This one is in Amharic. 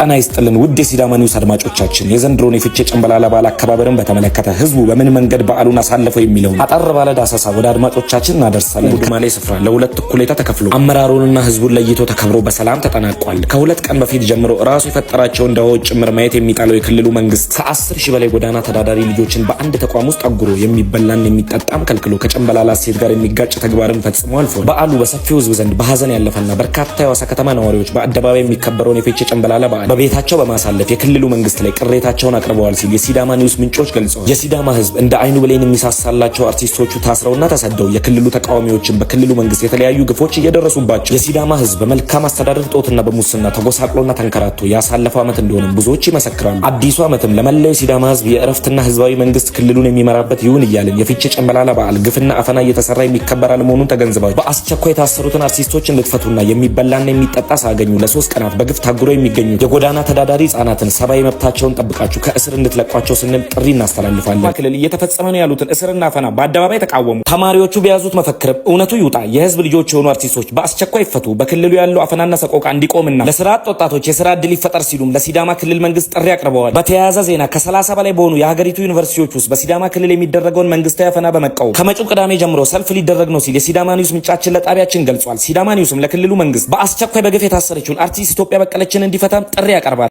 ጤና ይስጥልን ውድ የሲዳማ ኒውስ አድማጮቻችን የዘንድሮን የፍቼ ጨንበላላ በዓል አከባበርን በተመለከተ ህዝቡ በምን መንገድ በዓሉን አሳለፈው የሚለውን አጠር ባለ ዳሰሳ ወደ አድማጮቻችን እናደርሳለን። ቡድማሌ ስፍራ ለሁለት እኩሌታ ተከፍሎ አመራሩንና ህዝቡን ለይቶ ተከብሮ በሰላም ተጠናቋል። ከሁለት ቀን በፊት ጀምሮ ራሱ የፈጠራቸውን ድሃዎች ጭምር ማየት የሚጣለው የክልሉ መንግስት ከአስር ሺህ በላይ ጎዳና ተዳዳሪ ልጆችን በአንድ ተቋም ውስጥ አጉሮ የሚበላን የሚጠጣም ከልክሎ ከጨንበላላ ሴት ጋር የሚጋጭ ተግባርን ፈጽሞ አልፏል። በዓሉ በሰፊው ህዝብ ዘንድ በሀዘን ያለፈና በርካታ የዋሳ ከተማ ነዋሪዎች በአደባባይ የሚከበረውን የፊቼ ጨንበላላ በዓል በቤታቸው በማሳለፍ የክልሉ መንግስት ላይ ቅሬታቸውን አቅርበዋል ሲል የሲዳማ ኒውስ ምንጮች ገልጸዋል። የሲዳማ ህዝብ እንደ አይኑ ብሌን የሚሳሳላቸው አርቲስቶቹ ታስረውና ተሰደው የክልሉ ተቃዋሚዎችን በክልሉ መንግስት የተለያዩ ግፎች እየደረሱባቸው የሲዳማ ህዝብ በመልካም አስተዳደር ጦትና በሙስና ተጎሳቅሎና ተንከራቶ ያሳለፈው ዓመት እንደሆነም ብዙዎች ይመሰክራሉ። አዲሱ ዓመትም ለመላው የሲዳማ ህዝብ የእረፍትና ህዝባዊ መንግስት ክልሉን የሚመራበት ይሁን እያለን የፊቼ ጨንበላላ በዓል ግፍና አፈና እየተሰራ የሚከበራል መሆኑን ተገንዝባችሁ በአስቸኳይ የታሰሩትን አርቲስቶች እንድትፈቱና የሚበላና የሚጠጣ ሳገኙ ለሶስት ቀናት በግፍ ታጉረው የሚገኙ የጎዳና ተዳዳሪ ህጻናትን ሰብአዊ መብታቸውን ጠብቃችሁ ከእስር እንድትለቋቸው ስንል ጥሪ እናስተላልፋለን። ክልል እየተፈጸመ ነው ያሉትን እስርና ፈና በአደባባይ ተቃወሙ። ተማሪዎቹ በያዙት መፈክርም እውነቱ ይውጣ፣ የህዝብ ልጆች የሆኑ አርቲስቶች በአስቸኳይ ይፈቱ፣ በክልሉ ያለው አፈናና ሰቆቃ እንዲቆምና ለስራ አጥ ወጣቶች የስራ እድል ይፈጠር ሲሉም ለሲዳማ ክልል መንግስት ጥሪ አቅርበዋል። በተያያዘ ዜና ከ30 በላይ በሆኑ የሀገሪቱ ዩኒቨርሲቲዎች ውስጥ በሲዳማ ክልል የሚደረገውን መንግስታዊ አፈና በመቃወም ከመጪው ቅዳሜ ጀምሮ ሰልፍ ሊደረግ ነው ሲል የሲዳማ ኒውስ ምንጫችን ለጣቢያችን ገልጿል። ሲዳማ ኒውስም ለክልሉ መንግስት በአስቸኳይ በግፍ የታሰረችውን አርቲስት ኢትዮጵያ በቀለችን እንዲፈታም ጥሪ ጥሪ ያቀርባል።